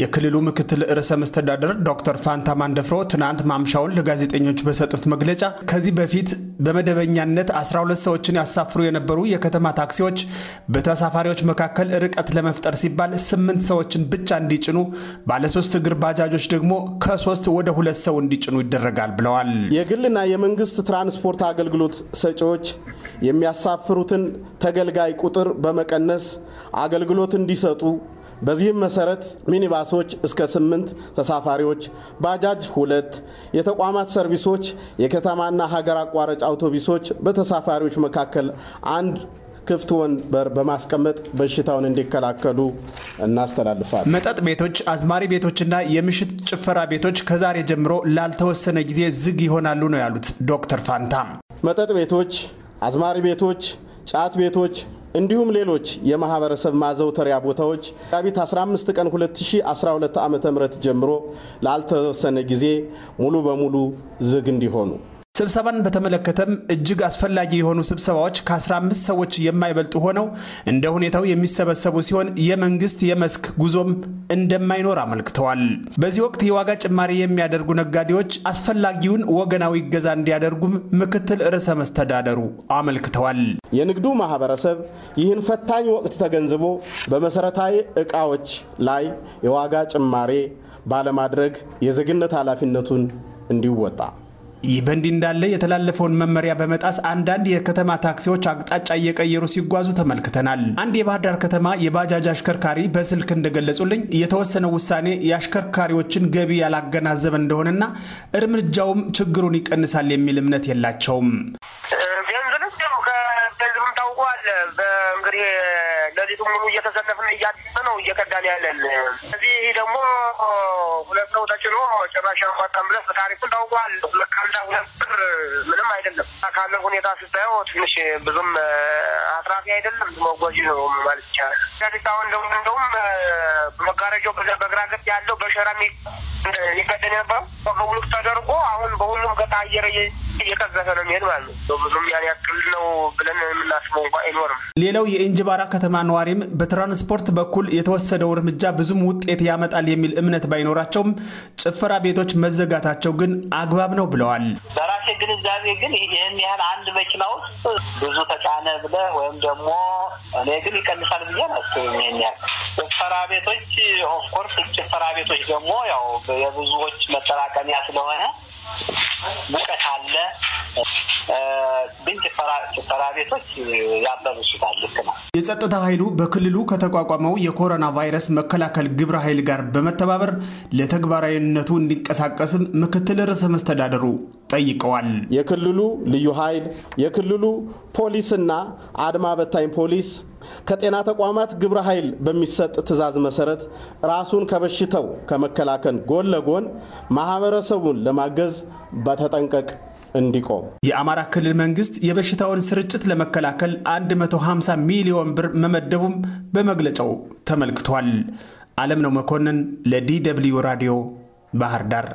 የክልሉ ምክትል ርዕሰ መስተዳደር ዶክተር ፋንታ ማንደፍሮ ትናንት ማምሻውን ለጋዜጠኞች በሰጡት መግለጫ ከዚህ በፊት በመደበኛነት 12 ሰዎችን ያሳፍሩ የነበሩ የከተማ ታክሲዎች በተሳፋሪዎች መካከል ርቀት ለመፍጠር ሲባል ስምንት ሰዎችን ብቻ እንዲጭኑ፣ ባለሶስት እግር ባጃጆች ደግሞ ከሶስት ወደ ሁለት ሰው እንዲጭኑ ይደረጋል ብለዋል። የግልና የመንግስት ትራንስፖርት አገልግሎት ሰጪዎች የሚያሳፍሩትን ተገልጋይ ቁጥር በመቀነስ አገልግሎት እንዲሰጡ በዚህም መሰረት ሚኒባሶች እስከ ስምንት ተሳፋሪዎች፣ ባጃጅ ሁለት፣ የተቋማት ሰርቪሶች፣ የከተማና ሀገር አቋራጭ አውቶቡሶች በተሳፋሪዎች መካከል አንድ ክፍት ወንበር በማስቀመጥ በሽታውን እንዲከላከሉ እናስተላልፋል። መጠጥ ቤቶች፣ አዝማሪ ቤቶችና የምሽት ጭፈራ ቤቶች ከዛሬ ጀምሮ ላልተወሰነ ጊዜ ዝግ ይሆናሉ ነው ያሉት ዶክተር ፋንታም። መጠጥ ቤቶች፣ አዝማሪ ቤቶች፣ ጫት ቤቶች እንዲሁም ሌሎች የማህበረሰብ ማዘውተሪያ ቦታዎች መጋቢት 15 ቀን 2012 ዓ ም ጀምሮ ላልተወሰነ ጊዜ ሙሉ በሙሉ ዝግ እንዲሆኑ ስብሰባን በተመለከተም እጅግ አስፈላጊ የሆኑ ስብሰባዎች ከ15 ሰዎች የማይበልጡ ሆነው እንደ ሁኔታው የሚሰበሰቡ ሲሆን የመንግስት የመስክ ጉዞም እንደማይኖር አመልክተዋል። በዚህ ወቅት የዋጋ ጭማሪ የሚያደርጉ ነጋዴዎች አስፈላጊውን ወገናዊ እገዛ እንዲያደርጉም ምክትል ርዕሰ መስተዳደሩ አመልክተዋል። የንግዱ ማህበረሰብ ይህን ፈታኝ ወቅት ተገንዝቦ በመሰረታዊ እቃዎች ላይ የዋጋ ጭማሬ ባለማድረግ የዜግነት ኃላፊነቱን እንዲወጣ ይህ በእንዲህ እንዳለ የተላለፈውን መመሪያ በመጣስ አንዳንድ የከተማ ታክሲዎች አቅጣጫ እየቀየሩ ሲጓዙ ተመልክተናል። አንድ የባህር ዳር ከተማ የባጃጅ አሽከርካሪ በስልክ እንደገለጹልኝ የተወሰነው ውሳኔ የአሽከርካሪዎችን ገቢ ያላገናዘበ እንደሆነና እርምጃውም ችግሩን ይቀንሳል የሚል እምነት የላቸውም። በሙሉ እየተሰለፍን እያደመ ነው እየከዳን ያለን። እዚህ ደግሞ ሁለት ሰው ተጭኖ ጭራሽ አንኳጣም ብለህ ታሪኩን ታውቋል። ሁለት ሁለት ብር ምንም አይደለም። ካለ ሁኔታ ስታየው ትንሽ ብዙም አትራፊ አይደለም። መጓዥ ነው ማለት ይቻላል። ጋዜጣሁን ደግሞ እንደውም መጋረጃው በግራ ገጥ ያለው በሸራ ይቀደን ነበር በሙሉ ተደርጎ አሁን በሁሉም ገጣ አየር እየቀዘፈ ነው የሚሄድ ማለት ነው። ብዙም ያን ያክል ነው ብለን የምናስበው እንኳ አይኖርም። ሌላው የእንጅባራ ከተማ ነዋሪም በትራንስፖርት በኩል የተወሰደው እርምጃ ብዙም ውጤት ያመጣል የሚል እምነት ባይኖራቸውም ጭፈራ ቤቶች መዘጋታቸው ግን አግባብ ነው ብለዋል። በራሴ ግንዛቤ ግን ይህን ያህል አንድ መኪና ውስጥ ብዙ ተጫነ ብለ ወይም ደግሞ እኔ ግን ይቀንሳል ብዬ ናስብ ይህን ያህል ጭፈራ ቤቶች ኦፍኮርስ ጭፈራ ቤቶች ደግሞ ያው የብዙዎች መጠራቀሚያ ስለሆነ መጠራ ቤቶች ያበሩ ልክ ነው። የጸጥታ ኃይሉ በክልሉ ከተቋቋመው የኮሮና ቫይረስ መከላከል ግብረ ኃይል ጋር በመተባበር ለተግባራዊነቱ እንዲንቀሳቀስም ምክትል ርዕሰ መስተዳደሩ ጠይቀዋል። የክልሉ ልዩ ኃይል፣ የክልሉ ፖሊስና አድማ በታኝ ፖሊስ ከጤና ተቋማት ግብረ ኃይል በሚሰጥ ትዕዛዝ መሰረት ራሱን ከበሽተው ከመከላከል ጎን ለጎን ማህበረሰቡን ለማገዝ በተጠንቀቅ እንዲቆም የአማራ ክልል መንግስት የበሽታውን ስርጭት ለመከላከል 150 ሚሊዮን ብር መመደቡም በመግለጫው ተመልክቷል። አለም ነው መኮንን ለዲ ደብልዩ ራዲዮ ባህር ዳር